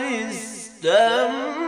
استمتع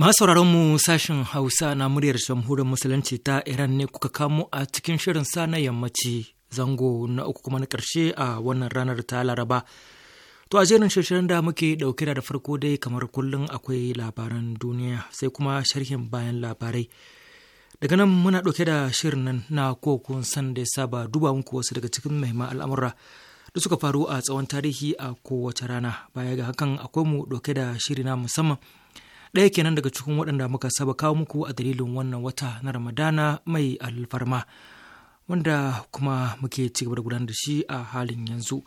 Masu mu sashen Hausa na muryar jamhuriyar Musulunci ta Iran ne kuka kamo a cikin shirin sa na yammaci zango na uku kuma na ƙarshe a wannan ranar ta Laraba. To a jerin shirin da muke ɗauke da farko dai kamar kullum akwai labaran duniya sai kuma sharhin bayan labarai. Daga nan muna ɗauke da shirin nan na kokon san da ya saba duba muku wasu daga cikin mahimman al'amura da suka faru a tsawon tarihi a kowace rana. Baya ga hakan akwai mu ɗauke da shiri na musamman ɗaya kenan daga cikin waɗanda muka saba kawo muku a dalilin wannan wata na ramadana mai alfarma wanda kuma muke ci gaba da gudanar da shi a halin yanzu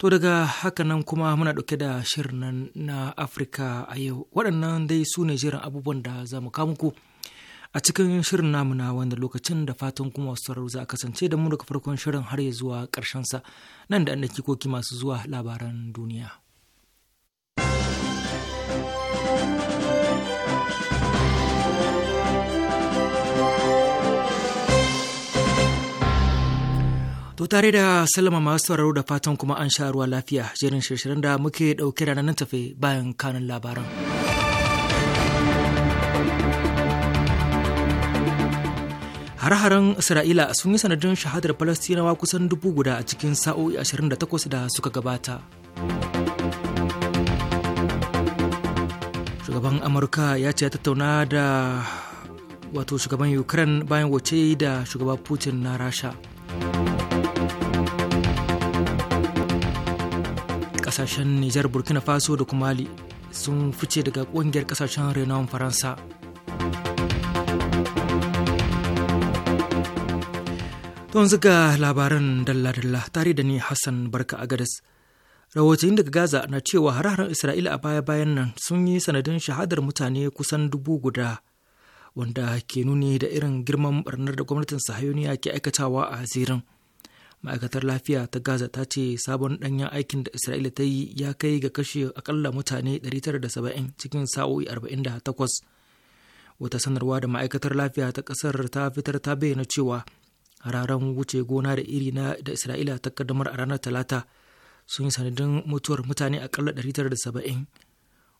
to daga haka nan kuma muna ɗauke da shirin na afirka a yau waɗannan dai su ne jerin abubuwan da za mu kawo muku a cikin shirin namu na wanda lokacin da fatan kuma wasu sauraro za a kasance da mu daga farkon shirin har ya zuwa sa nan da an koki masu zuwa labaran duniya. To tare da salama masu sauraro da fatan kuma an sha ruwa lafiya jerin shirshirin da muke ɗauke da nan tafe bayan kanin labaran. Har-haren Isra'ila sun yi sanadin shahadar Falastinawa kusan dubu guda a cikin sa'o'i 28 da suka gabata. Shugaban Amurka ya ce ya tattauna da wato shugaban Ukraine bayan wace da shugaban Putin na Rasha. kasashen Nijar Burkina Faso da kuma Mali sun fice daga kungiyar kasashen renon Faransa. Don zuga labaran dalla-dalla tare da ni Hassan Barka Agadas. Rahotanni daga Gaza na cewa hararen Isra'ila a baya-bayan nan sun yi sanadin shahadar mutane kusan dubu guda wanda ke nuni da irin girman barnar da gwamnatin sahayoniya ke aikatawa a zirin. ma'aikatar lafiya ta gaza ta ce sabon danyen aikin da isra'ila ta yi ya kai ga kashe akalla mutane 970 cikin sa'o'i 48 wata sanarwa da ma'aikatar lafiya ta kasar ta fitar ta bayyana cewa hararen wuce gona da iri na da isra'ila ta kaddamar a ranar talata sun yi sanadin mutuwar mutane akalla 970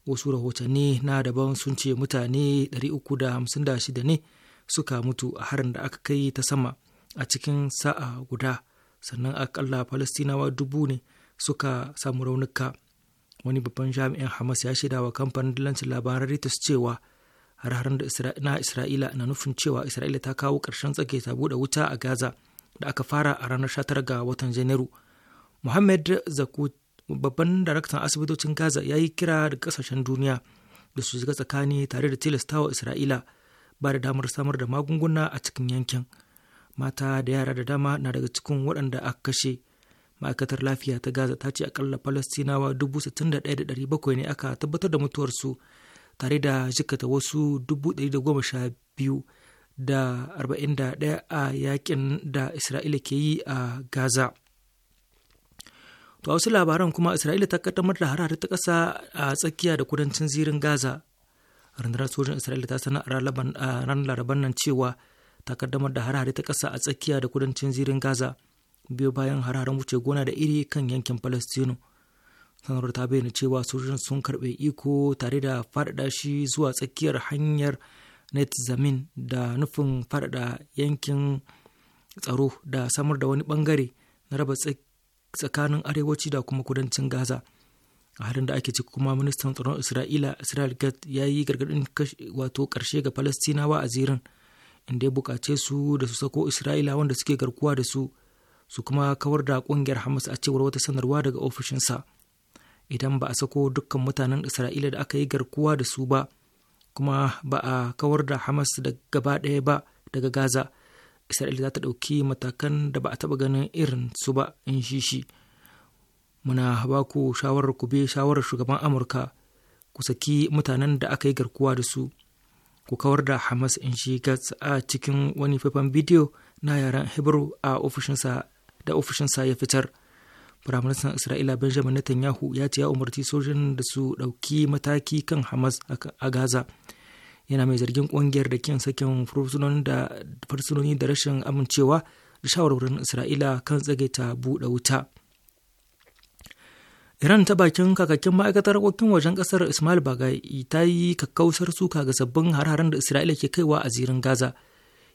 wasu rahotanni na daban sun ce mutane 356 ne suka mutu a harin da aka kai ta sama a cikin sa'a guda sannan akalla falastinawa dubu ne suka samu raunuka wani babban jami'in hamas ya shaida wa kamfanin dillancin labaran reuters cewa har da na isra'ila na nufin cewa isra'ila ta kawo ƙarshen tsage ta buɗe wuta a gaza da aka fara a ranar 19 ga watan janairu muhammad zaku babban daraktan asibitocin gaza ya yi kira da kasashen duniya da su shiga tsakani tare da tilastawa isra'ila ba da damar samar da magunguna a cikin yankin mata da yara da dama na daga cikin waɗanda aka kashe ma'aikatar lafiya ta gaza ta ce akalla falastinawa 61,700 ne aka tabbatar da mutuwarsu tare da jikata wasu 112 da 41 a yakin da isra'ila ke yi a gaza to a wasu labaran kuma isra'ila ta kaddamar da harare ta ƙasa a tsakiya da kudancin zirin gaza rundunar sojin isra'ila ta sanar a ranar laraban nan cewa takaddamar kaddamar da harare ta kasa a tsakiya da kudancin zirin Gaza biyo bayan hararen wuce gona da iri kan yankin Falastinu. Sanarwar ta bayyana cewa sojojin sun karɓe iko tare da faɗaɗa shi zuwa tsakiyar hanyar net zamin da nufin faɗaɗa yankin tsaro da samar da wani bangare na raba tsakanin arewaci da kuma kudancin Gaza. a halin da ake ci kuma ministan tsaron isra'ila israel gat ya yi gargaɗin wato ƙarshe ga falastinawa a zirin in ya bukace su da su sako isra'ila wanda suke garkuwa da su su kuma kawar da ƙungiyar hamas a cewar wata sanarwa daga ofishinsa idan ba a sako dukkan mutanen isra'ila da aka yi garkuwa da su ba kuma ba a kawar da hamas da gaba ɗaya ba daga gaza isra'ila za ta ɗauki matakan da ba a taɓa ganin irin su ba in shi muna ba ku shawarar ku bi shawarar shugaban amurka ku saki mutanen da aka yi garkuwa da su ku kawar da hamas in shi gatz a cikin wani faifan bidiyo na yaren hebrew a da ofishinsa ya fitar firaministan isra'ila benjamin netanyahu ya ce ya umarci sojin da su ɗauki mataki kan hamas a gaza yana mai zargin ƙungiyar da kin sakin fursunoni da rashin amincewa da shawarwarin isra'ila kan tsagaita buɗe wuta Iran ta bakin kakakin ma'aikatar harkokin wajen kasar Ismail Bagai ta yi kakkausar suka ga sabbin har-haren da Isra'ila ke kaiwa a zirin Gaza.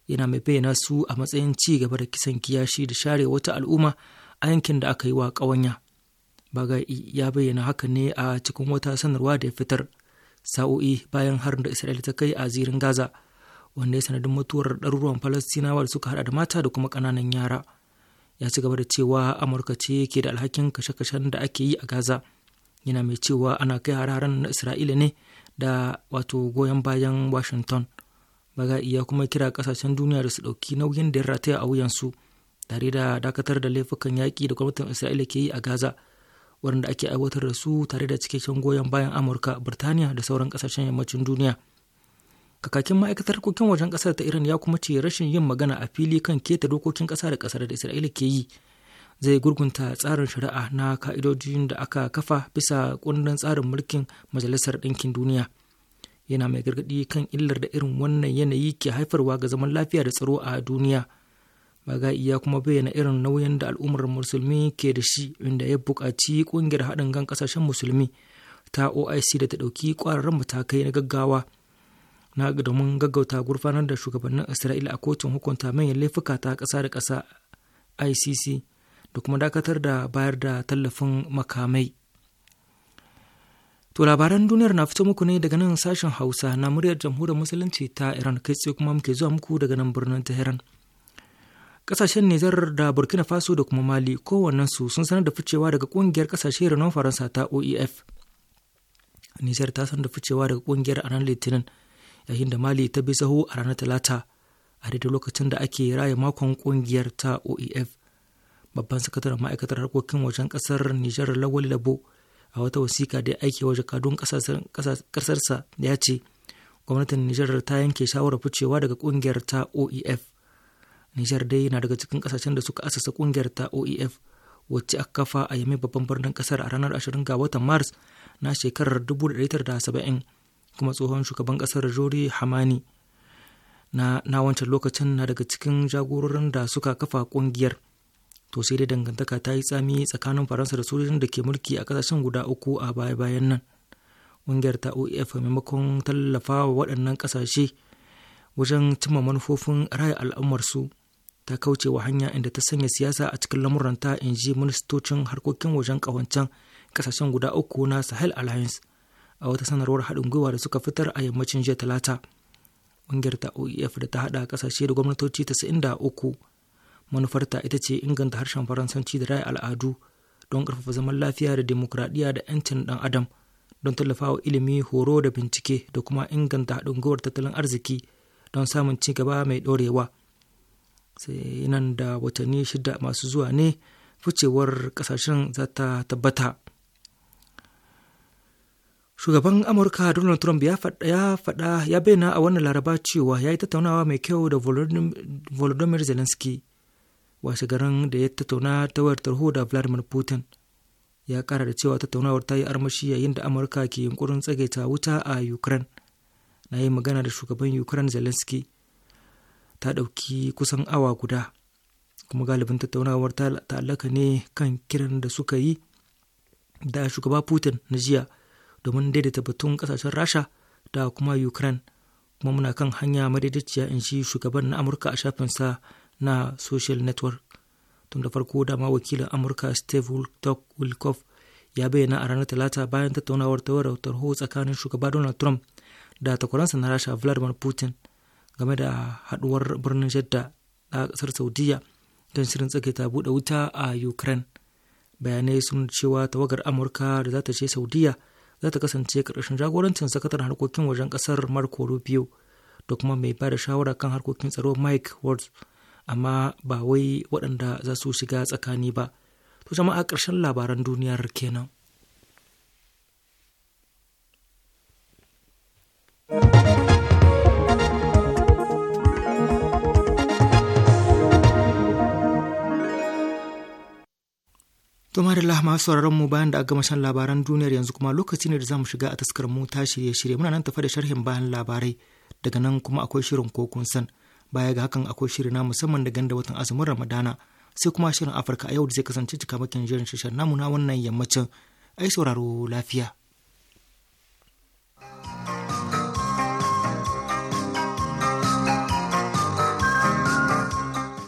Yana mai bayyana su a matsayin ci gaba da kisan kiyashi da share wata al'umma a yankin da aka yi wa kawanya Bagai ya bayyana haka ne a cikin wata sanarwa da ya fitar sa'o'i bayan harin da Isra'ila ta kai a zirin Gaza, wanda ya sanadin mutuwar ɗaruruwan Falastinawa da suka haɗa da mata da kuma ƙananan yara. ya ci gaba da cewa amurka ce ke da alhakin kashe-kashen da ake yi a gaza yana mai cewa ana kai hararen na isra'ila ne da wato goyon bayan washington ga ya kuma kira kasashen duniya da su ɗauki nauyin da ya rataya a wuyansu tare da dakatar da laifukan yaƙi da gwamnatin isra'ila ke yi a gaza waɗanda ake aiwatar da su tare da cikakken goyon bayan amurka birtaniya da sauran kasashen yammacin duniya kakakin ma'aikatar harkokin wajen kasar ta iran ya kuma ce rashin yin magana a fili kan keta dokokin kasa da kasar da isra'ila ke yi zai gurgunta tsarin shari'a na ka'idojin da aka kafa bisa kundin tsarin mulkin majalisar ɗinkin duniya yana mai gargaɗi kan illar da irin wannan yanayi ke haifarwa ga zaman lafiya da tsaro a duniya bagai ya kuma bayyana irin nauyin da al'ummar musulmi ke da shi inda ya buƙaci ƙungiyar haɗin gan ƙasashen musulmi ta oic da ta ɗauki ƙwararren matakai na gaggawa na domin gaggauta gurfanar da shugabannin isra'ila a kotun hukunta manyan laifuka ta kasa da kasa icc da kuma dakatar da bayar da tallafin makamai to labaran duniyar na fito muku ne daga nan sashen hausa na muryar jamhuriyar musulunci ta iran kai tsaye kuma muke zuwa muku daga nan birnin tehran kasashen nijar da burkina faso da kuma mali su sun sanar da ficewa daga kungiyar kasashe renon faransa ta oef nijar ta sanar da ficewa daga kungiyar a litinin yayin da mali ta bi sahu a ranar talata a daidai lokacin da ake raya makon kungiyar ta oef babban sakataren ma'aikatar harkokin wajen kasar nijar lawal labo a wata wasiƙa da aiki waje kadun ƙasarsa ya ce gwamnatin nijar ta yanke shawarar ficewa daga kungiyar ta oef nijar dai na daga cikin ƙasashen da suka asasa kungiyar ta oef wacce aka kafa a yammai babban birnin kasar a ranar 20 ga watan mars na shekarar 1970 kuma tsohon shugaban ƙasar jori hamani na, na wancan lokacin na daga cikin jagororin da suka kafa ƙungiyar to sai dai dangantaka ta yi tsami tsakanin faransa da sojojin da ke mulki a kasashen guda uku a baya bayan nan ƙungiyar ta oef maimakon tallafa wa waɗannan kasashe wajen cimma manufofin raya al'ummarsu ta kauce wa hanya inda ta sanya siyasa a cikin lamuranta in ji ministocin harkokin wajen ƙawancen ƙasashen guda uku na sahel alliance a wata sanarwar haɗin gwiwa da suka fitar a yammacin jiya talata ƙungiyar ta oef da ta haɗa ƙasashe da gwamnatoci da uku manufarta ita ce inganta harshen faransanci da raya al'adu don ƙarfafa zaman lafiya da dimokuraɗiyya da 'yancin ɗan adam don tallafawa ilimi horo da bincike da kuma inganta haɗin gwiwar tattalin arziki don samun ci gaba mai ɗorewa sai nan da watanni shida masu zuwa ne ficewar ƙasashen za ta tabbata Shugaban Amurka Donald Trump ya faɗa ya bayyana a wannan laraba cewa ya yi tattaunawa mai kyau da Volodymyr Zelensky washe garin da ya tattauna ta wayar tarho da Vladimir Putin. Ya kara da cewa tattaunawar ta yi armashi yayin da Amurka ke yunkurin tsagaita wuta a Ukraine. Na yi magana da shugaban Ukraine Zelensky ta ɗauki kusan awa guda kuma galibin tattaunawar ta ta'allaka ne kan kiran da suka yi da shugaba Putin na jiya domin daidaita batun kasashen rasha da kuma ukraine kuma muna kan hanya madaidaiciya in shi shugaban na amurka a shafin sa na social network tun da farko dama wakilin amurka steve wilkoff ya bayyana a ranar talata bayan tattaunawar tawar tarho tsakanin shugaba donald trump da takwaransa na rasha vladimir putin game da haduwar birnin jadda a kasar saudiya don shirin tsake ta buɗe wuta a ukraine bayanai sun cewa tawagar amurka da za ta je saudiya za ta kasance karshen jagorancin sakataren harkokin wajen ƙasar marco rubio da kuma mai ba da shawara kan harkokin tsaro mike ward amma ba wai waɗanda za su shiga tsakani ba to jama'a ƙarshen labaran duniyar kenan Tumar Allah masu sauraron mu bayan da aka gama shan labaran duniyar yanzu kuma lokaci ne da zamu shiga a taskar mu ta shirye shirye muna nan tafa da sharhin bayan labarai daga nan kuma akwai shirin ko kun san baya ga hakan akwai shirin na musamman da ganda watan azumin Ramadana sai kuma shirin Afirka a yau da zai kasance cikamakin jirin shishar namu na wannan yammacin ai sauraro lafiya.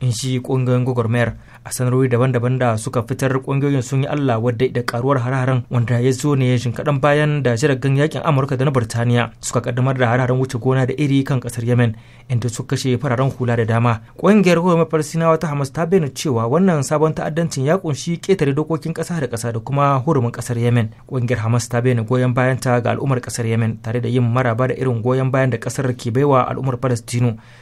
in shi kungiyoyin gwagwarmayar a sanarwar daban-daban da suka fitar kungiyoyin sun yi Allah wadda da karuwar hararen wanda ya zo ne shin kadan bayan da jiragen yakin Amurka da na Burtaniya suka kaddamar da hararen wuce gona da iri kan kasar Yemen inda suka kashe fararen hula da dama kungiyar hukumar Falasinawa ta Hamas ta bayyana cewa wannan sabon ta'addancin ya kunshi ketare dokokin kasa da kasa da kuma hurumin kasar Yemen kungiyar Hamas ta bayyana goyon bayanta ga al'ummar kasar Yemen tare da yin maraba da irin goyon bayan da kasar ke baiwa al'ummar Falastinu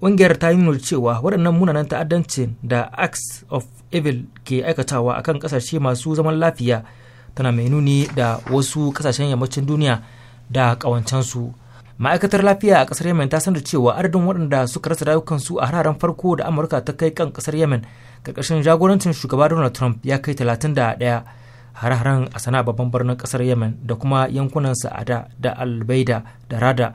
ƙungiyar ta yi nuna cewa waɗannan munanan ta'addanci da acts of evil ke aikatawa akan kasashe masu zaman lafiya tana mai nuni da wasu kasashen yammacin duniya da ƙawancensu ma'aikatar lafiya a ƙasar yemen ta sanar cewa adadin waɗanda suka rasa rayukansu a hararen farko da amurka ta kai kan ƙasar yemen ƙarƙashin jagorancin shugaba donald trump ya kai talatin 31 har-haren a sana babban birnin ƙasar yemen da kuma yankunan sa'ada da albaida da rada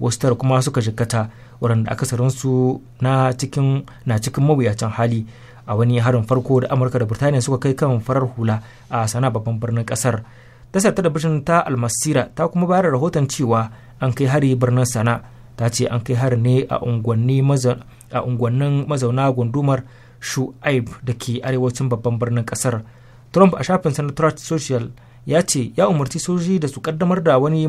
wasu kuma suka jikata waɗanda akasarinsu na cikin na cikin mawuyacin hali a wani harin farko da amurka da birtaniya suka kai kan farar hula a sana babban birnin kasar tasar talabijin ta almasira ta kuma bayar rahoton cewa an kai hari birnin sana ta ce an kai hari ne a unguwannin mazauna gundumar shu'aib da ke arewacin babban birnin kasar trump a shafin na social ya ce ya umarci sojoji da su kaddamar da wani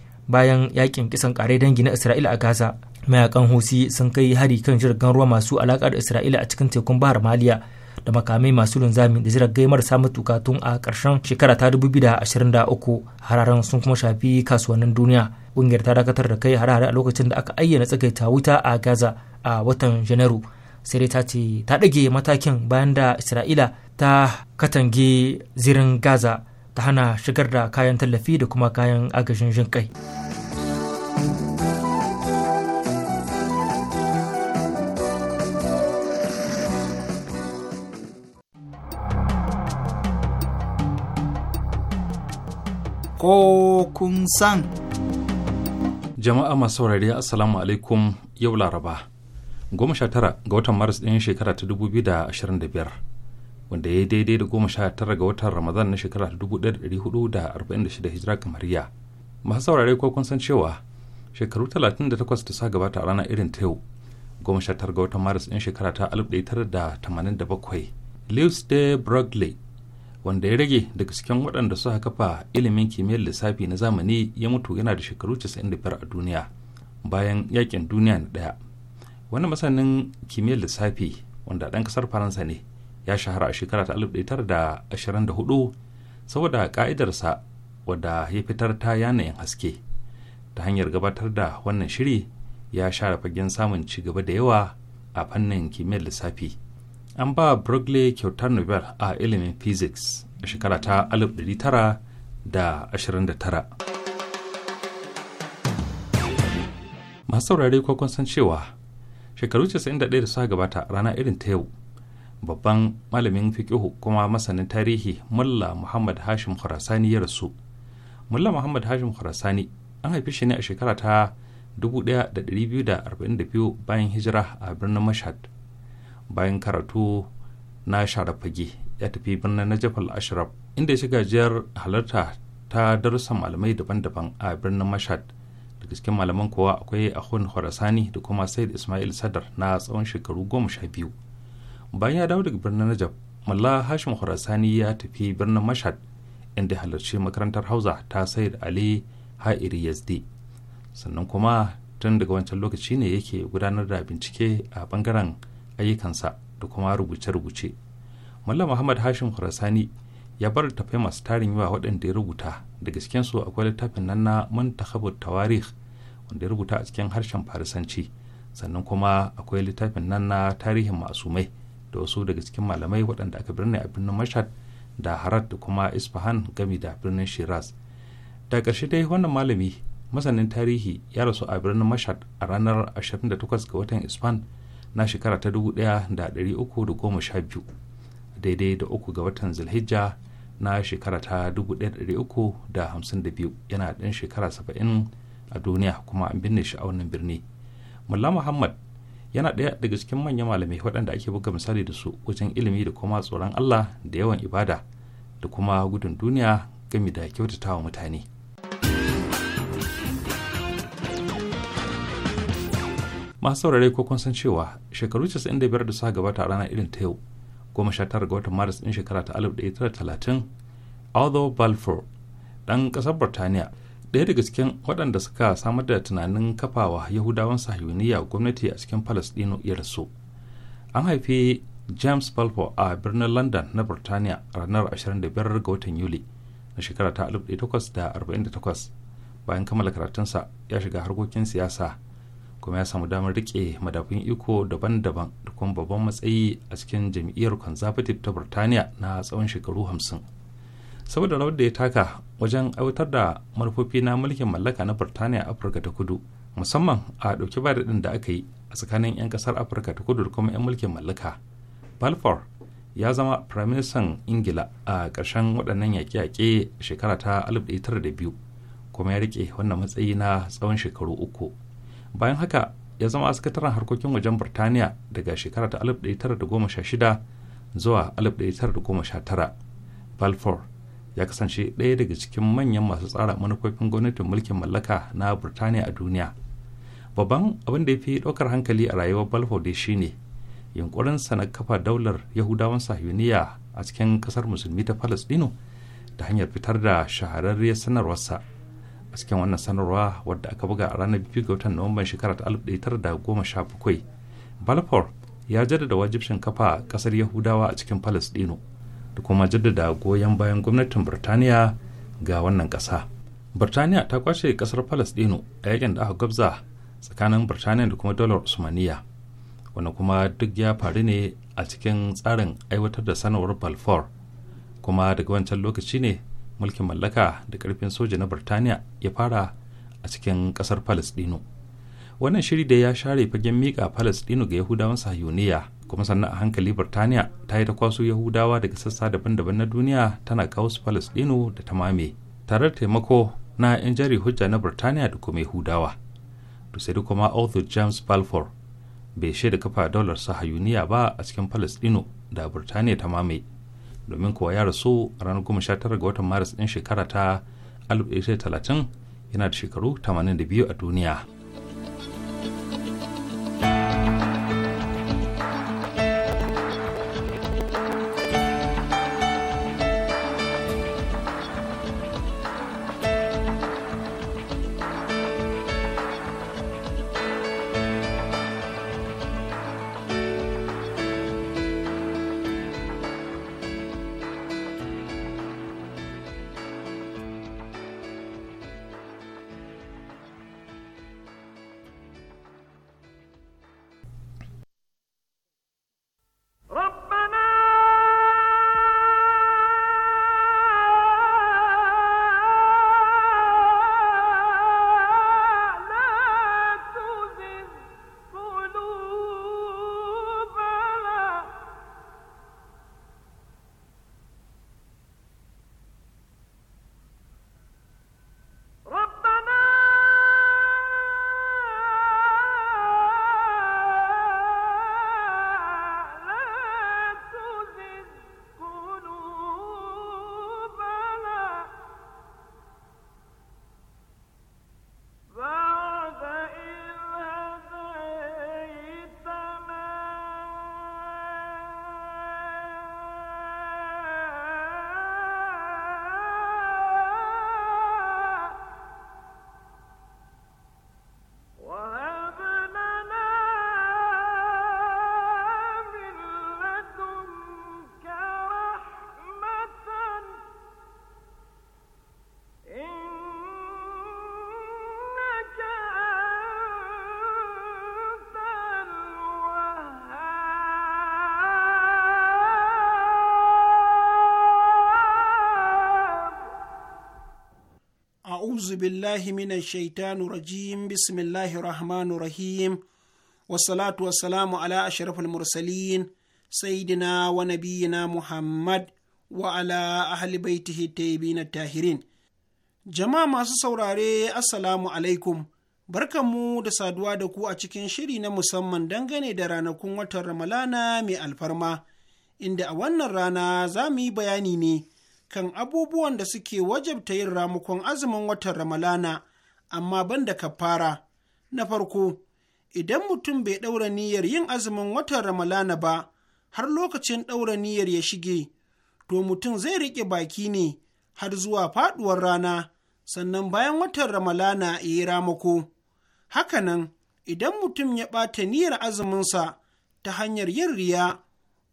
bayan yakin kisan kare dangi na Isra'ila a Gaza. Mayakan Husi sun kai hari kan jirgin ruwa masu alaka da Isra'ila a cikin tekun Bahar Maliya da makamai masu linzami da jiragai marasa matuka tun a ƙarshen shekara ta 2023 hararen sun kuma shafi kasuwannin duniya. Ƙungiyar ta dakatar da kai harare a lokacin da aka ayyana tsagaita wuta a Gaza a watan Janairu. Sai dai ta ce ta ɗage matakin bayan da Isra'ila ta katange zirin Gaza ta hana shigar da kayan tallafi da kuma kayan agajin jin kai. Ko kun san. Jama'a masu saurari Assalamu alaikum yau Laraba, goma sha tara ga watan Maris ɗin shekara ta dubu biyu da ashirin da biyar. wanda ya yi daidai da goma sha tara ga watan ramadan na shekara ta dubu ɗaya da ɗari hudu da arba'in da shida hijira ya masu saurare ko kun san cewa shekaru talatin da takwas da sa gabata a rana irin ta yau goma sha tara ga watan maris ɗin shekara ta alif ɗaya tara da tamanin da bakwai lewis de brugley wanda ya rage daga cikin waɗanda suka kafa ilimin kimiyyar lissafi na zamani ya mutu yana da shekaru casa'in da biyar a duniya bayan yakin duniya na ɗaya wani masanin kimiyyar lissafi wanda ɗan ƙasar faransa ne ya shahara a shekara ta 1924 saboda ka'idarsa wadda ya fitar ta yanayin haske ta hanyar gabatar da wannan shiri ya share fagen samun ci gaba da yawa a fannin kimiyyar lissafi an ba Berkeley kyautar Nobel a ilimin physics a shekara ta 1929 masu saurare kwakwan san cewa shekaru 91 da suka gabata rana irin ta yau babban malamin fiqihu kuma masanin tarihi mulla muhammad hashim khurasani ya rasu mulla muhammad hashim khurasani an haifi shi ne a shekara ta 1242 bayan hijira a birnin mashhad bayan karatu na sharafage ya tafi birnin najaf al-ashraf inda ya shiga jiyar halarta ta darussan malamai daban-daban a birnin mashhad daga cikin malaman kowa akwai ahun khurasani da kuma said ismail sadar na tsawon shekaru goma sha biyu bayan ya dawo daga birnin najab malla hashim khurasani ya tafi birnin mashhad inda halarci makarantar hausa ta sayar ali ha'iri yazdi sannan kuma tun daga wancan lokaci ne yake gudanar da bincike a bangaren ayyukansa da kuma rubuce-rubuce malla muhammad hashim khurasani ya bar tafai masu tarin yawa waɗanda ya rubuta daga cikin su akwai littafin nan na muntakhabut tawarikh wanda ya rubuta a cikin harshen farisanci sannan kuma akwai littafin nan na tarihin masumai da wasu daga cikin malamai waɗanda aka birne a birnin mashhad da harat da kuma isfahan gami da birnin shiraz da ƙarshe dai wannan malami masanin tarihi ya rasu a birnin mashhad a ranar 28 ga watan isfan na shekara ta 1312 daidai da uku ga watan zulhijja na shekara ta 1352 yana ɗan shekara 70 a duniya kuma an binne shi a wannan birni mulla muhammad yana ɗaya daga cikin manyan malamai waɗanda ake buga misali da su wajen ilimi da kuma tsoron Allah da yawan ibada da kuma gudun duniya gami da kyautatawa mutane. masu saurare ko kun san cewa shekaru 95 da suka gabata a ranar irin ta yau goma sha tara ga watan maris din shekara ta 1930 Arthur Balfour dan kasar burtaniya. ɗaya daga cikin waɗanda suka samar da tunanin kafawa yahudawan sahiyoniya gwamnati a cikin palestino ya rasu an haifi james balfour a birnin london na birtaniya ranar 25 ga watan yuli na shekara ta 1848 bayan kammala karatunsa ya shiga harkokin siyasa kuma ya samu damar rike madafun iko daban-daban da kuma babban matsayi a cikin jam'iyyar conservative ta birtaniya na tsawon shekaru 50 saboda rawar da ya taka wajen aiwatar da manufofi na mulkin mallaka na burtaniya afirka ta kudu musamman a ɗauki ba da aka yi a tsakanin 'yan kasar afirka ta kudu da kuma 'yan mulkin mallaka balfour ya zama firaministan ingila a ƙarshen waɗannan yaƙe-yaƙe shekara ta 1902 kuma ya rike wannan matsayi na tsawon shekaru uku bayan haka ya zama sakataren harkokin wajen burtaniya daga shekara ta 1916 zuwa 1919 balfour ya kasance ɗaya daga cikin manyan masu tsara manufofin gwamnatin mulkin mallaka na burtaniya a duniya babban abin da ya fi ɗaukar hankali a rayuwar balfour dai shine yunkurinsa na kafa daular yahudawan sahiyuniya a cikin ƙasar musulmi ta palestino ta hanyar fitar da shahararriyar sanarwarsa a cikin wannan sanarwa wadda aka buga a ranar biyu ga watan nuwamban shekara ta alif da goma sha bakwai balfour ya jaddada wajibcin kafa ƙasar yahudawa a cikin palestino da kuma jaddada goyon bayan gwamnatin birtaniya ga wannan ƙasa birtaniya ta kwashe ƙasar palestino a yakin da aka gabza tsakanin birtaniya da kuma dalar usmaniya wanda kuma duk ya faru ne a cikin tsarin aiwatar da sanarwar balfour kuma daga wancan lokaci ne mulkin mallaka da karfin soja na birtaniya ya fara a cikin ƙasar palestino wannan shiri da ya share fagen mika palestino ga yahudawan sahiyoniya kuma sannan a hankali birtaniya ta yi ta kwaso yahudawa daga sassa daban-daban na duniya tana kawo su falastinu da ta mame tare da taimako na 'yan jari hujja na birtaniya da kuma yahudawa dusai sai da kuma arthur james balfour bai shaida kafa daular sahayuniya ba a cikin falastinu da birtaniya ta mame domin kuwa ya rasu a ranar tara ga watan maris din shekara ta 1930 yana da shekaru 82 a duniya. a'uzu billahi minash shaitanu rajim bismillahi rahmanu rahim wassalatu wassalamu ala ashrafil mursalin Saidina wa nabiyyina muhammad wa ala ahli baitihi tayyibin tahirin jama'a masu saurare assalamu alaikum barkanmu da saduwa da ku a cikin shiri na musamman dangane da ranakun watan ramalana mai alfarma inda a wannan rana za mu yi bayani ne kan abubuwan da suke wajabta yin ramukon azumin watan Ramalana, amma banda da kafara. Na farko, idan mutum bai ɗaura niyyar yin azumin watan Ramalana ba, har lokacin ɗaura niyyar ya shige, to mutum zai riƙe baki ne har zuwa faɗuwar rana, sannan bayan watan Ramalana ya yi ramako. Hakanan, idan mutum ya ɓata niyyar azuminsa ta hanyar yin riya,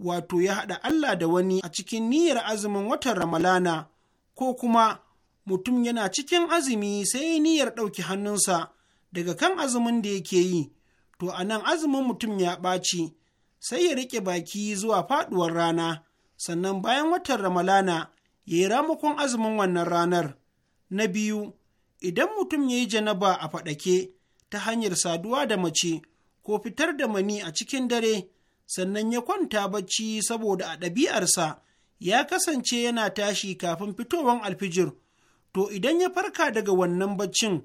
wato ya haɗa Allah da wani a cikin niyyar azumin watan Ramalana, ko kuma mutum yana cikin azumi sai niyyar ɗauki hannunsa daga kan azumin da yake yi, to a nan azumin mutum ya ɓaci, sai ya riƙe baki zuwa faɗuwar rana, sannan bayan watan Ramalana ya yi ramakon azumin wannan ranar. Na biyu, idan mutum ya yi janaba a faɗake ta hanyar saduwa da mace ko fitar da mani a cikin dare, sannan ya kwanta bacci saboda a ɗabi'arsa ya kasance yana tashi kafin fitowar alfijir to idan ya farka daga wannan baccin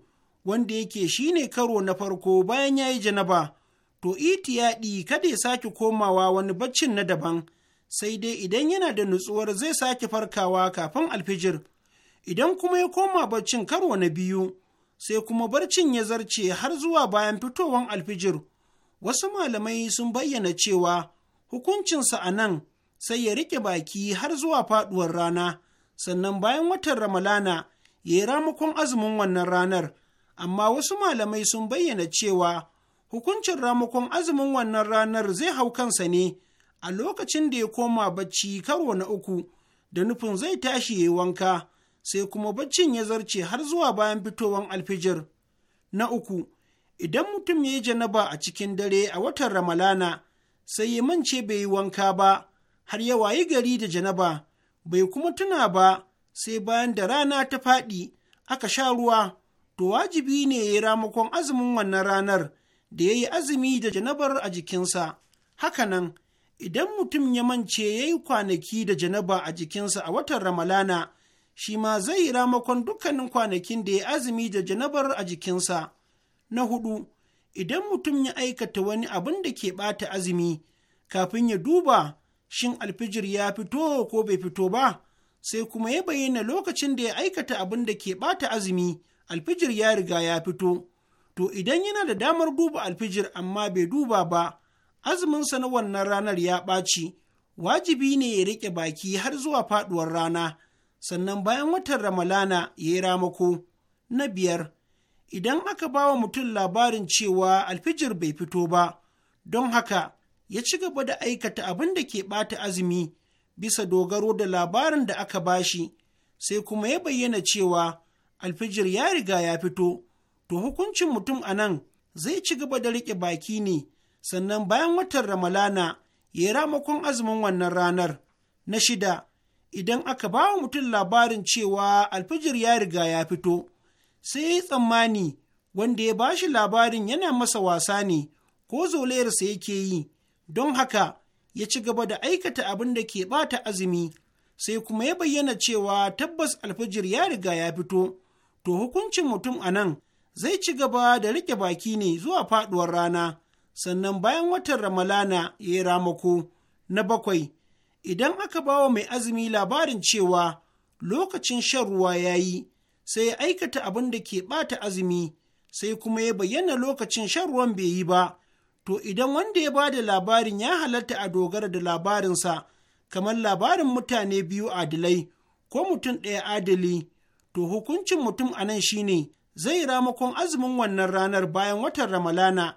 wanda yake ne karo na farko bayan ya yi janaba to ɗi kada ya sake komawa wani baccin na daban sai dai idan yana da nutsuwar zai sake farkawa kafin alfijir idan kuma ya koma baccin karo na biyu sai kuma barcin ya zarce har zuwa bayan fitowar alfijir wasu malamai sun bayyana cewa hukuncinsa a nan sai ya riƙe baki har zuwa faɗuwar rana, sannan bayan watan Ramalana ya yi ramakon azumin wannan ranar, amma wasu malamai sun bayyana cewa hukuncin ramakon azumin wannan ranar zai hau kansa ne a lokacin da ya koma bacci karo na uku da nufin zai tashi ya yi wanka, sai kuma baccin ya zarce har zuwa bayan fitowar alfijir. Na uku, idan mutum ya yi janaba a cikin dare a watan ramalana sai ya mance bai yi wanka ba har ya wayi gari da janaba bai kuma tuna ba sai bayan da rana ta faɗi aka sha ruwa to wajibi ne ya yi ramakon azumin wannan ranar da ya yi azumi da janabar a jikinsa hakanan idan mutum ya mance ya yi kwanaki da janaba a jikinsa a watan ramalana shi ma zai yi ramakon dukkanin kwanakin da ya azumi da janabar a jikinsa Na hudu, idan mutum ya aikata wani abin da ke ɓata azumi, kafin ya duba shin alfijir ya fito ko bai fito ba, sai kuma ya bayyana lokacin da ya aikata abin da ke ɓata azumi, alfijir ya riga ya fito. To idan yana da damar duba alfijir amma bai duba ba, azuminsa na wannan ranar ya ɓaci, wajibi ne ya riƙe baki har zuwa faɗuwar rana, sannan bayan watan Ramalana ya yi ramako. Na biyar, idan aka ba wa mutum labarin cewa alfijir bai fito ba, don haka ya ci gaba da aikata abin da ke ɓata azumi bisa dogaro da labarin da aka ba shi, sai kuma ya bayyana cewa alfijir ya riga ya fito, to hukuncin mutum a nan zai ci gaba da riƙe baki ne, sannan bayan watan Ramalana ya ramakon azumin wannan ranar. Na shida, idan aka ba wa mutum labarin cewa alfijir ya riga ya fito, sai ya tsammani wanda ya bashi labarin yana masa wasa ne ko zolayarsa yake yi don haka ya ci gaba da aikata abin da ke bata azumi sai kuma ya bayyana cewa tabbas alfijir ya riga ya fito to hukuncin mutum a nan zai ci gaba da riƙe baki ne zuwa faɗuwar rana sannan bayan watan ramalana ya yi ramako na bakwai idan aka bawa mai azumi labarin cewa lokacin shan ruwa ya yi sai ya aikata abin da ke ɓata azumi sai kuma ya bayyana lokacin shan ruwan bai yi ba to idan wanda ya ba da labarin ya halatta a dogara da labarinsa kamar labarin mutane biyu adilai ko mutum ɗaya adali to hukuncin mutum a nan shine zai ramakon azumin wannan ranar bayan watan ramalana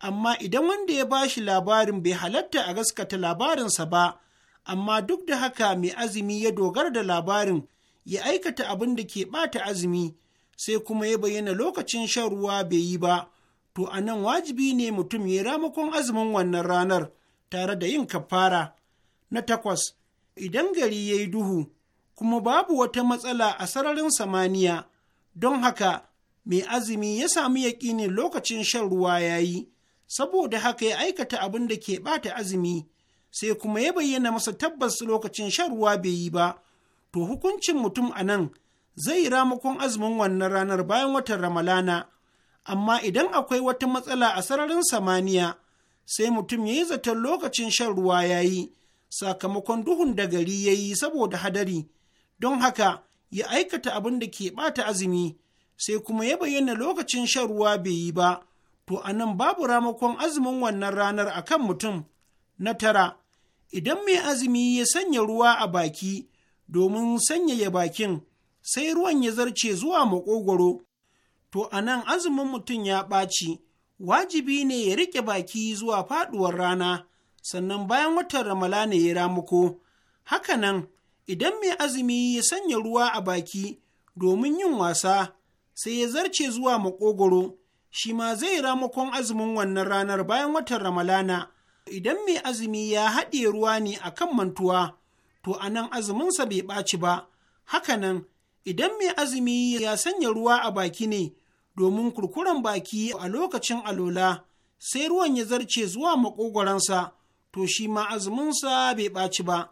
amma idan wanda ya ba shi labarin bai halatta a gaskata labarinsa ba amma duk da haka mai azumi ya dogara da labarin ya aikata abin da ke bata azumi sai kuma ya bayyana lokacin shan ruwa bai yi ba to a nan wajibi ne mutum ya ramakon azumin wannan ranar tare da yin kafara na takwas idan gari ya yi duhu kuma babu wata matsala a sararin samaniya don haka mai azumi ya sami yaƙinin lokacin shan ruwa ya yi saboda haka ya aikata abin da ke ɓata azumi sai kuma ya bayyana masa tabbas lokacin shan ruwa bai yi ba to hukuncin mutum a nan zai yi ramakon azumin wannan ranar bayan watan Ramalana, amma idan akwai wata matsala a sararin samaniya, sai mutum ya yi zaton lokacin shan ruwa ya yi, sakamakon duhun da gari ya yi saboda hadari, don haka ya aikata abin da ke bata azumi, sai kuma ya bayyana lokacin shan ruwa bai yi ba, to anan babu ramakon azumin wannan ranar akan mutum. Na tara, idan mai azumi ya sanya ruwa a baki, domin sanyaya bakin sai ruwan ya zarce zuwa maƙogwaro, to a nan azumin mutum ya ɓaci wajibi ne ya riƙe baki zuwa faɗuwar rana sannan bayan watan ramalana ya ramuko hakanan idan mai azumi ya sanya ruwa a baki domin yin wasa sai ya zarce zuwa makogoro shi ma zai ramukon azumin wannan ranar bayan watan ramalana idan mai azumi ya haɗe ruwa ne a kan mantuwa to a nan azuminsa bai ɓaci ba, hakanan idan mai azumi ya sanya ruwa a baki ne domin kurkuren baki a lokacin alola, sai ruwan ya zarce zuwa maƙogoransa, to shi ma azuminsa bai ɓaci ba.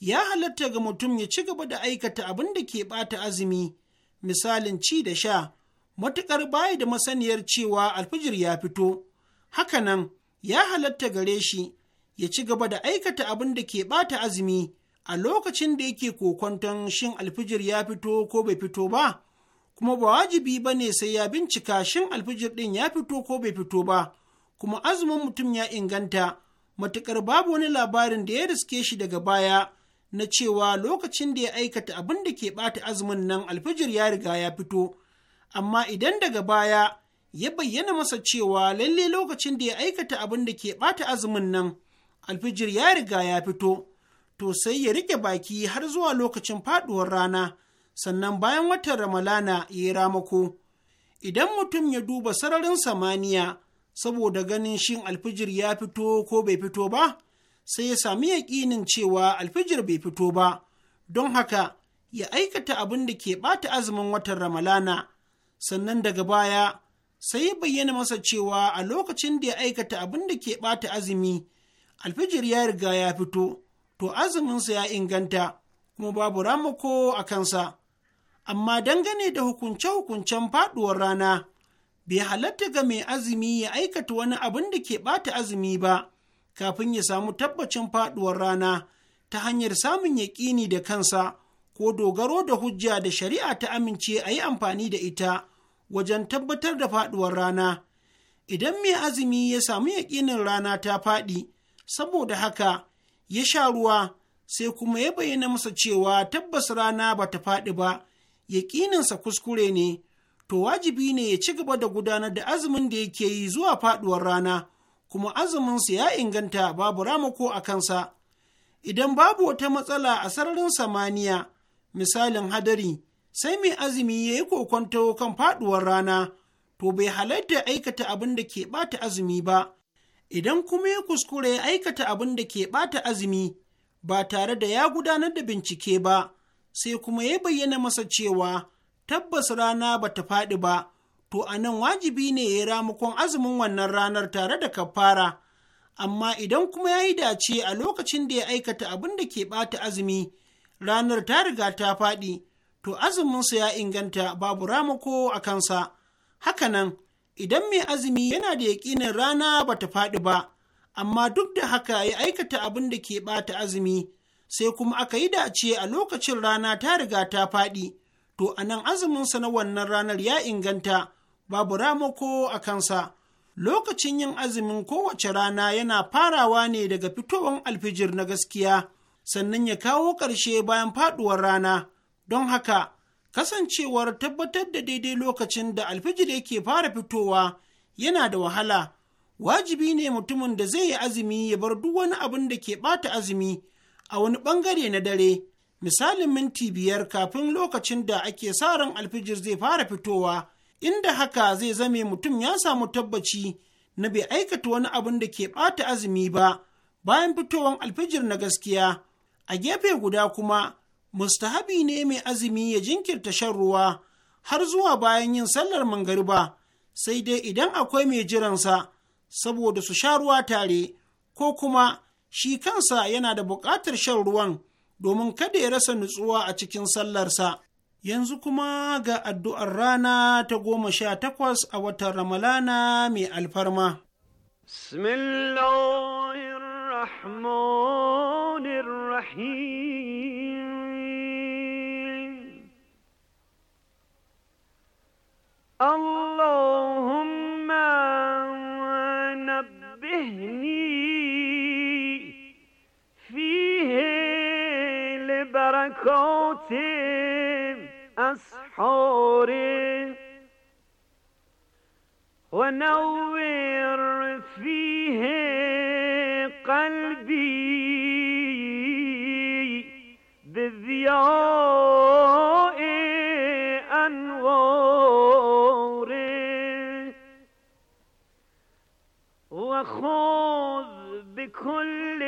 Ya halatta ga mutum ya ci gaba da aikata abin da ke ɓata azumi, misalin ci da sha, matuƙar bayi da masaniyar cewa alfijir ya fito. Hakanan, ya halatta gare shi ya ci gaba da aikata abin da ke ɓata azumi a lokacin da yake kokonton shin alfijir ya fito ko bai fito ba kuma ba wajibi ba ne sai ya bincika shin alfijir ɗin ya fito ko bai fito ba kuma azumin mutum ya inganta matuƙar babu wani labarin da ya riske shi daga baya na cewa lokacin da ya aikata abin da ke ɓata azumin nan alfijir ya riga ya fito amma idan daga baya ya bayyana masa cewa lalle lokacin da ya aikata abin da ke ɓata azumin nan alfijir ya riga ya fito to sai ya rike baki har zuwa lokacin faduwar rana sannan bayan watan ramalana ya yi ramako idan mutum ya duba sararin samaniya saboda ganin shin alfijir ya fito ko bai fito ba sai ya sami yaƙinin cewa alfijir bai fito ba don haka ya aikata abin da ke ɓata azumin watan ramalana sannan daga baya sai ya bayyana masa cewa a lokacin da ya aikata abin da ke ɓata azumi alfijir ya riga ya fito to azuminsa ya inganta kuma babu ramako a kansa. Amma dangane da hukunce-hukuncen faɗuwar rana, bai halatta ga mai azumi ya aikata wani abin da ke bata azumi ba, kafin ya samu tabbacin faɗuwar rana ta hanyar samun yaƙini da kansa ko dogaro da hujja da shari'a ta amince a yi amfani da ita wajen tabbatar da faɗuwar rana. Idan mai azumi ya samu yaƙinin rana ta faɗi, saboda haka ya sha ruwa sai kuma ya bayyana masa cewa tabbas rana ba ta faɗi ba yaƙininsa kuskure ne to wajibi ne ya ci gaba da gudanar da azumin da yake yi zuwa faɗuwar rana kuma azuminsa ya inganta babu ramako a kansa idan babu wata matsala a sararin samaniya misalin hadari sai mai azumi ya yi kokwanto kan faɗuwar rana to bai halatta aikata abin da ke ɓata azumi ba idan kuma ya kuskure ya aikata abin da ke ɓata azumi ba tare da ya gudanar da bincike ba, sai kuma ya bayyana masa cewa tabbas rana ba ta faɗi ba, to a nan wajibi ne ya ramukon azumin wannan ranar tare da kafara. Amma idan kuma ya yi dace a lokacin da ya aikata abin da ke ɓata azumi, ranar ta riga ta faɗi, to azuminsa ya inganta babu ramako a kansa. haka nan. idan mai azumi yana da yaƙinin rana ba ta faɗi ba, amma duk da haka ya aikata abin da ke ɓata azumi, sai kuma aka yi dace a lokacin rana ta riga ta faɗi, to a nan azuminsa na wannan ranar ya inganta, babu ramako a kansa. Lokacin yin azumin kowace rana yana farawa ne daga fitowar alfijir na gaskiya, sannan ya kawo ƙarshe bayan faɗuwar rana, don haka kasancewar tabbatar da daidai lokacin da alfijir yake fara fitowa yana da wahala wajibi ne mutumin da zai yi azumi ya bar duk wani abin da ke bata azumi a wani bangare na dare misalin minti biyar kafin lokacin da ake sa ran alfijir zai fara fitowa inda haka zai zame mutum ya samu tabbaci na bai aikata wani abin da ke ɓata azumi ba bayan fitowan alfijir na gaskiya a gefe guda kuma mustahabi ne mai azumi ya jinkirta shan ruwa har zuwa bayan yin sallar mangariba sai dai idan akwai mai jiransa saboda su sha ruwa tare ko kuma shi kansa yana da buƙatar shan ruwan domin kada ya rasa nutsuwa a cikin sallarsa. Yanzu kuma ga addu'ar rana ta goma sha takwas a watan Ramalana mai alfarma. Bismillahirrahmanirrahim. اللهم نبهني فيه لبركات أسحار ونور فيه قلبي بذيار و بکل به کل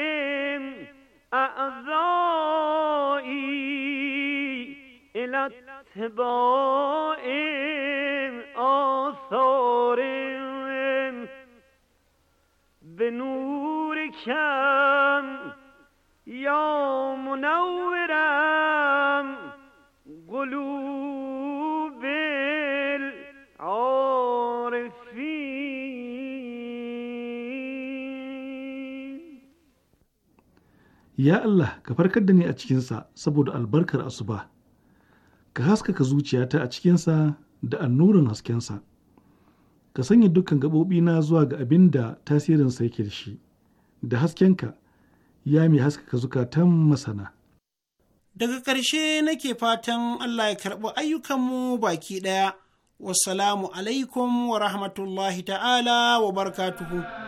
اعضایی آثار به نور کم یا منورم قلوب Ya Allah ka farkar da ni a cikinsa saboda albarkar asuba, ka haskaka zuciyata a cikinsa da annurin haskensa, ka sanya dukkan gaɓoɓina zuwa ga abin da tasirinsa yake da shi, da haskenka ya mai haskaka zukatan masana. Daga ƙarshe nake fatan Allah ya karɓi ayyukanmu baki ɗaya, wassalamu alaikum wa rahmatullahi ta'ala wa barkatuhu.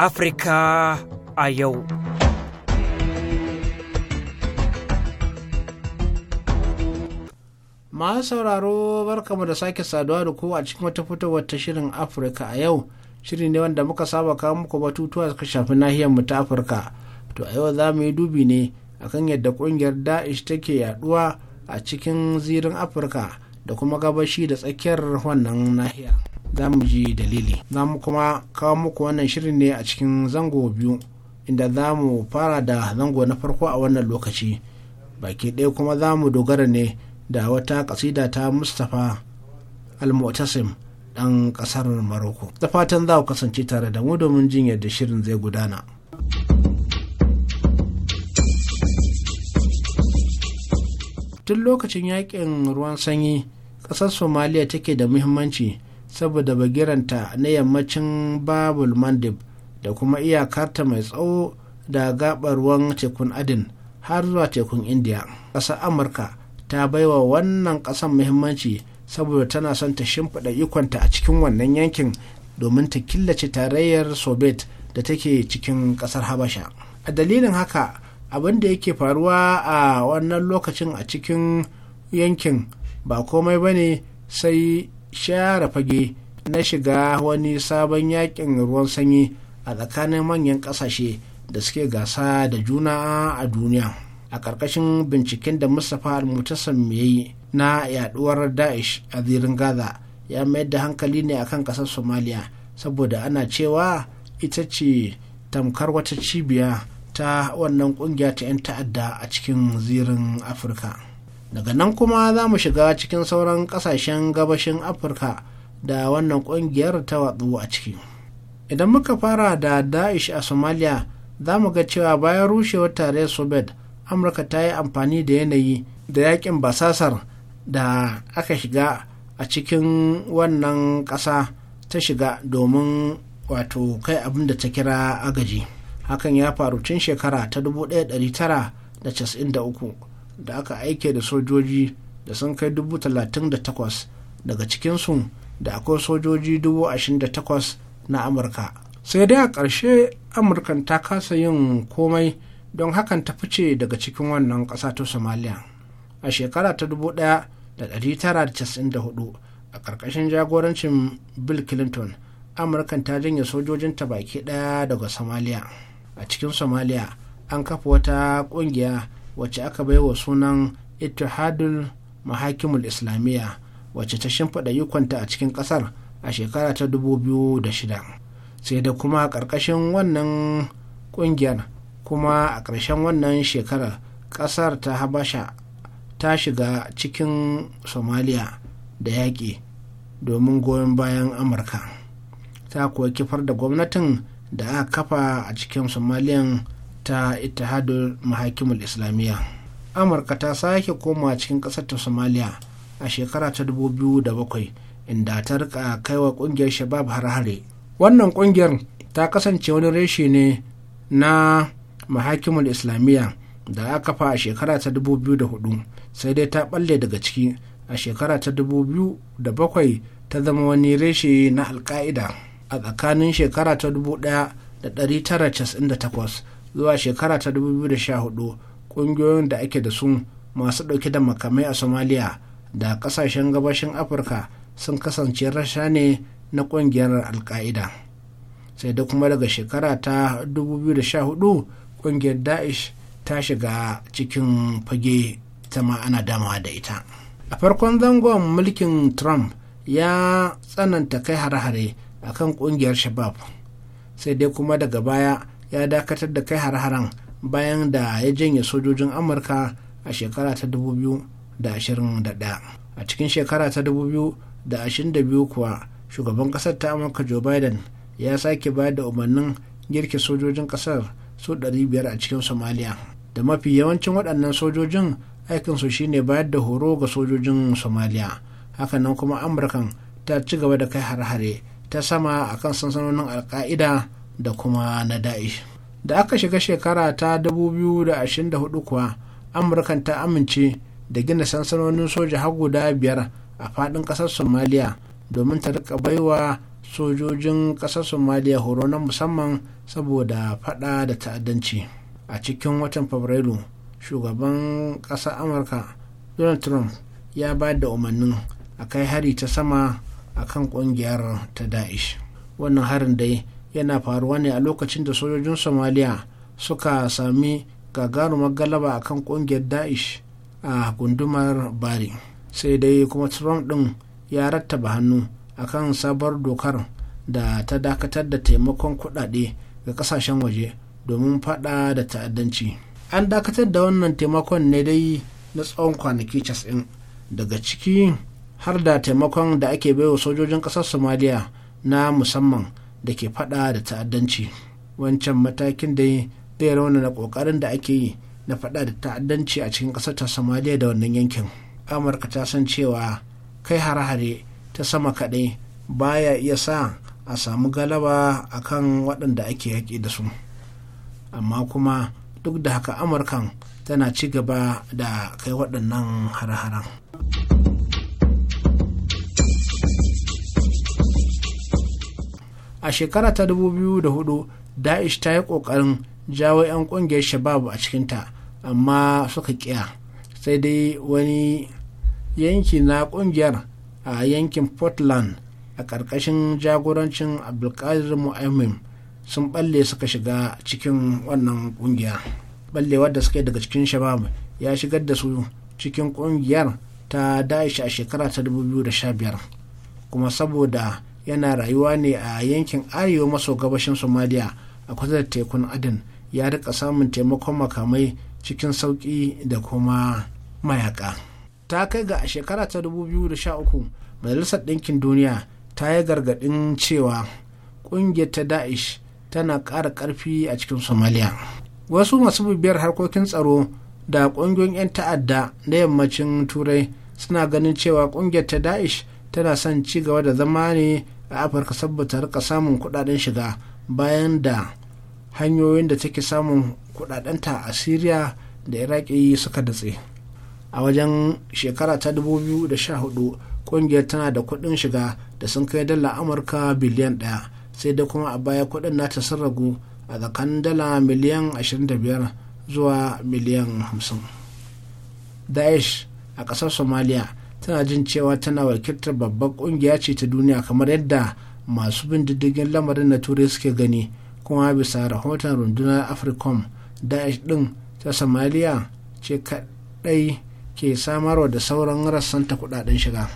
Afirka a yau. Masu sauraro barkamu da sake saduwa da ku a cikin wata fitowar ta shirin Afirka a yau. Shiri ne wanda muka saba kawo muku batutuwa suka shafi nahiyarmu ta Afirka. To a yau za mu yi dubi ne akan yadda kungiyar Da'ish take yaduwa a cikin zirin Afirka da kuma gabashi da tsakiyar wannan nahiyar. za mu ji dalili za mu kuma kawo muku wannan shirin ne a cikin zango biyu inda za mu fara da zango na farko a wannan lokaci baki ɗaya kuma za mu dogara ne da wata kasida ta mustapha al-mu'tasim ɗan ƙasar maroko da fatan za ku kasance tare da mu domin jin yadda shirin zai gudana. tun lokacin yakin ruwan sanyi ƙasar somaliya take da muhimmanci saboda bagiranta na yammacin babul mandib da kuma iyakarta mai tsawo da gabar ruwan tekun adin har zuwa tekun indiya ƙasar amurka ta baiwa wannan ƙasar muhimmanci saboda tana son ta shimfiɗa ikonta a cikin wannan yankin domin ta killace tarayyar soviet da take cikin ƙasar habasha a dalilin haka abin da yake faruwa a wannan lokacin a cikin yankin ba komai ba ne sai share fage na shiga wani sabon yakin ruwan sanyi a tsakanin manyan kasashe da suke gasa da juna a duniya a ƙarƙashin binciken da mustapha al-mutassam ya yi na yaduwar daesh a zirin gaza ya mayar da hankali ne akan ƙasar Somalia saboda ana cewa ita ce tamkar wata cibiya ta wannan ƙungiya ta 'yan ta'adda a cikin zirin afirka daga nan kuma za mu shiga cikin sauran kasashen gabashin afirka da wannan kungiyar ta watsu a ciki idan muka fara da daesh a somalia za mu ga cewa bayan rushewar tare soviet amurka ta yi amfani da yanayi da yakin basasar da aka shiga a cikin wannan kasa ta shiga domin wato kai abin da ta kira agaji hakan ya faru tun shekara ta 1993 da aka aike da sojoji da sun kai dubu talatin da takwas daga cikinsu da akwai sojoji dubu ashirin da takwas na amurka sai dai a ƙarshe amurkan ta kasa yin komai don hakan ta fice daga cikin wannan ƙasa ta somaliya a shekara ta 1994 a ƙarƙashin jagorancin bill clinton amurkan ta janye sojojinta baki ɗaya daga somaliya a cikin somaliya an kafa wata ƙungiya wacce aka bai wa sunan ittihadul mahakimul islamiyya wacce ta shimfiɗa ikonta a cikin ƙasar a shekara ta 2006 sai da kuma a ƙarƙashin wannan ƙungiyar kuma a ƙarshen wannan shekarar ƙasar ta habasha ta shiga cikin somaliya da yaƙi domin goyon bayan amurka ta kuwa kifar da gwamnatin da aka kafa a cikin somaliyan ta ittihadul mahakimul islamiyya amurka ta sake koma cikin ƙasar ta somalia a shekara ta 2007 inda ta rika kaiwa ƙungiyar shabab har-hare wannan ƙungiyar ta kasance wani reshe ne na mahakimul islamiyya da aka fa a shekara ta 2004 sai dai ta balle daga ciki a shekara ta 2007 ta zama wani reshe na alka'ida a tsakanin shekara ta 1998 zuwa shekara ta 2014 ƙungiyoyin da ake da su masu ɗauke da makamai a somalia da ƙasashen gabashin afirka sun kasance rasha ne na ƙungiyar alka'ida sai da kuma daga shekara ta 2014 ƙungiyar daesh ta shiga cikin fage ta ma ana damawa da ita a farkon zangon mulkin trump ya tsananta kai har hare a kan ƙungiyar shabab sai dai kuma daga baya ya dakatar da kai har-haren bayan da ya janye sojojin amurka a shekara ta 2021 a cikin shekara ta 2022 kuwa shugaban kasar ta amurka joe biden ya sake ba da umarnin girke sojojin kasar su 500 a cikin somalia da mafi yawancin waɗannan sojojin aikinsu shine bayar da horo ga sojojin somalia hakanan kuma amurkan ta ci gaba da kai har-hare ta sama akan sansanonin alka'ida da kuma na da'ish da aka shiga shekara ta 2024 kuwa amurkan ta amince da gina sansanonin soja har guda biyar a fadin kasar somaliya domin ta rika baiwa sojojin kasar somaliya horo na musamman saboda fada da ta'addanci a cikin watan fabrairu shugaban kasar amurka donald trump ya ba da umarnin a kai hari ta sama a kan ƙungiyar ta daesh wannan harin dai yana faruwa ne a lokacin da sojojin somaliya suka sami gagarumar galaba a kan kungiyar daesh a gundumar bari sai dai kuma trump din ya rattaba hannu a kan sabar dokar da ta dakatar da taimakon kudade ga kasashen waje domin fada da ta'addanci an dakatar da wannan taimakon ne dai na tsawon kwanaki 90 daga ciki har da taimakon da ake baiwa sojojin kasar somaliya na musamman da ke fada da ta'addanci wancan matakin da zai rauna na kokarin da ake yi na fada da ta'addanci a cikin kasar ta somaliya da wannan yankin amurka ta san cewa kai hare-hare ta sama kaɗai baya iya sa a samu galaba a kan waɗanda ake yaƙi da su amma kuma duk da haka amurkan tana ci gaba da kai waɗannan hare-haren. a shekara ta 2004 daesh ta yi kokarin jawo 'yan kungiyar shabab a cikinta amma suka kiya sai dai wani yanki na kungiyar a yankin portland a ƙarƙashin jagorancin abdulkadir mu'aimim sun balle suka shiga cikin wannan kungiyar ballewar da yi daga cikin shabab ya shigar da su cikin kungiyar ta daesh a shekara ta 2015 kuma saboda yana rayuwa ne a yankin arewa maso gabashin somaliya a kusa da tekun adin ya rika samun taimakon makamai cikin sauki da kuma mayaka ta kai ga a shekara ta 2013 majalisar ɗinkin duniya ta yi gargaɗin cewa ƙungiyar ta da'ish tana ƙara ƙarfi a cikin somaliya wasu masu bibiyar harkokin tsaro da ƙungiyoyin 'yan ta'adda na yammacin turai suna ganin cewa ƙungiyar ta da'ish tana son ci gaba da zama ne a afirka saboda rika samun kudaden shiga bayan da hanyoyin da take samun kudadenta a syria da iraki suka datse a wajen shekara ta 2014 kungiyar tana da kudin shiga da sun kai dala amurka biliyan daya sai da kuma a baya kudin nata sun ragu a tsakanin dala miliyan 25 zuwa miliyan 50 daesh a kasar somalia tana jin cewa tana wakiltar babbar kungiya ce ta duniya kamar yadda masu bin diddigin lamarin na turai suke gani kuma bisa rahoton rundunar africom daesh din ta somalia ce kadai ke samarwa da sauran rassanta kudaden shiga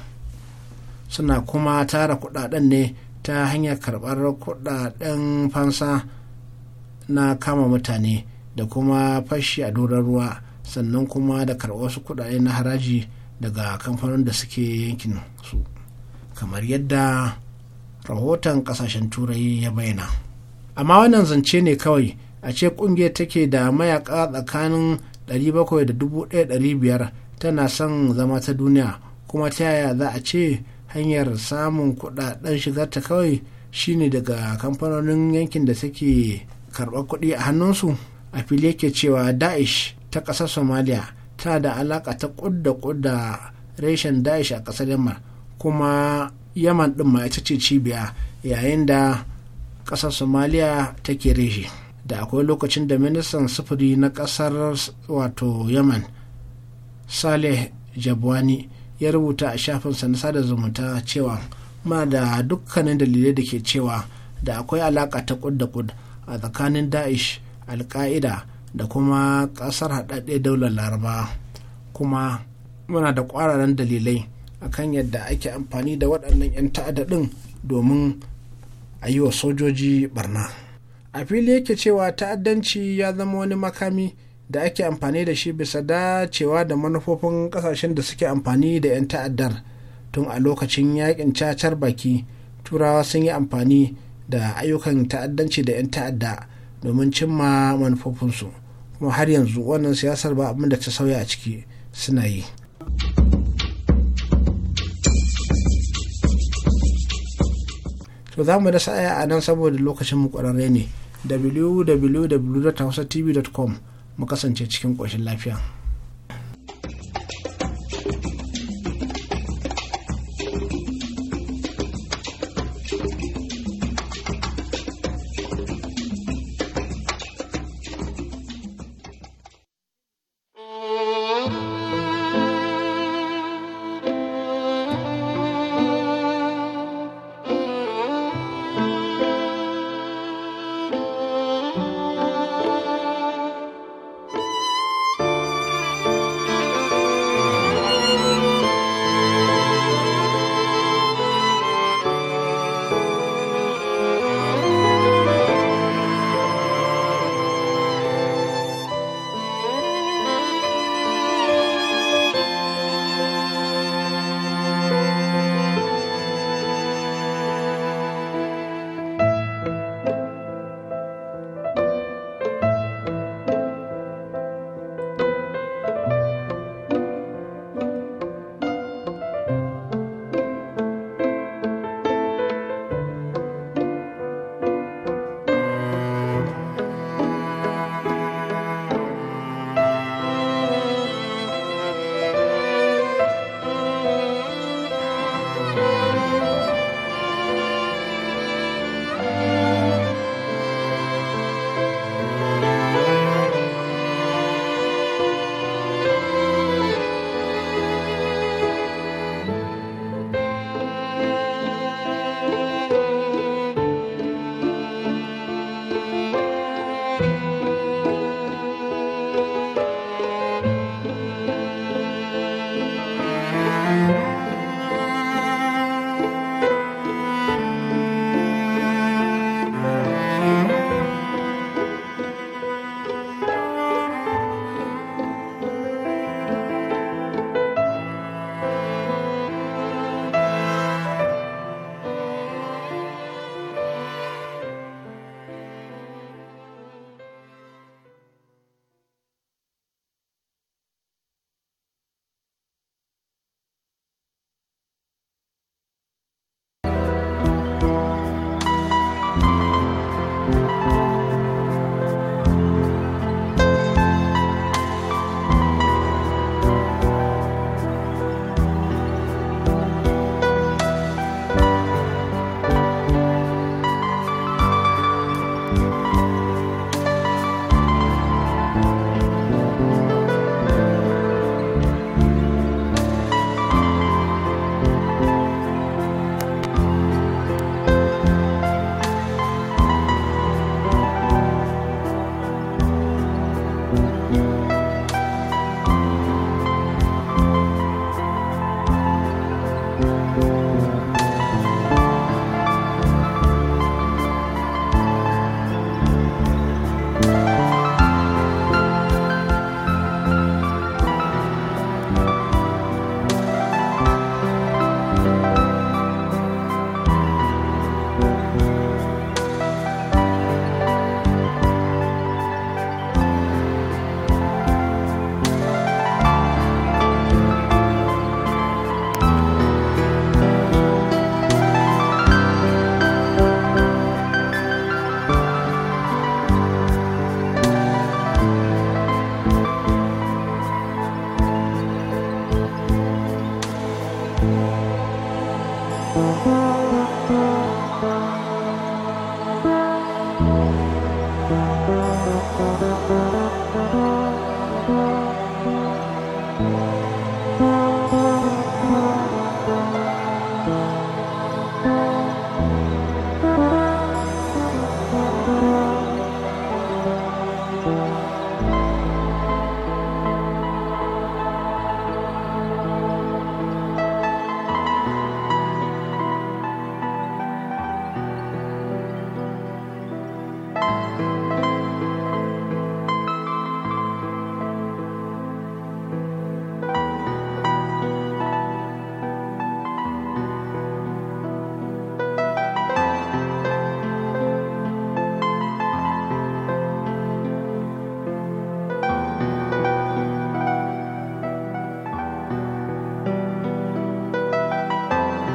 suna kuma tara kudaden ne ta hanyar karbar kudaden fansa na kama mutane da kuma fashi a doron ruwa sannan kuma da karbar wasu kudaden na haraji daga kamfanin da suke yankin su kamar yadda rahoton kasashen turai ya bayyana amma wannan zance ne kawai a ce kungiyar take da mayaka tsakanin 700 da tana son zama ta duniya kuma ta yaya za a ce hanyar samun kudaden shigarta kawai shine daga kamfanonin yankin da take karɓar kuɗi a hannunsu a fili yake cewa da'ish ta ƙasar somalia ta da alaka ta kudda kudda reshen daesh a kasar yamma kuma yaman din ma ita ce cibiya yayin da kasar somaliya take reshe da akwai lokacin da ministan sufuri na kasar wato yaman saleh jabwani ya rubuta a shafinsa na sada zumunta cewa ma da dukkanin dalilai da ke cewa da akwai alaka ta kudda kudda a tsakanin daesh alka'ida da kuma ƙasar haɗaɗɗe daular laraba kuma muna da ƙwararren dalilai akan yadda ake amfani da waɗannan 'yan ta'adda ɗin domin a yi wa sojoji barna a fili yake cewa ta'addanci ya zama wani makami da ake amfani da shi bisa dacewa da manufofin ƙasashen da suke amfani da 'yan ta'addar tun a lokacin yakin cacar baki turawa sun yi amfani da ayyukan ta'addanci da 'yan ta'adda domin cimma manufofinsu kuma har yanzu wannan siyasar ba abin da ta sauya a ciki suna yi to za mu da sa'aya a nan saboda lokacin mu kwararre ne www.hausatv.com mu kasance cikin ƙoshin lafiya.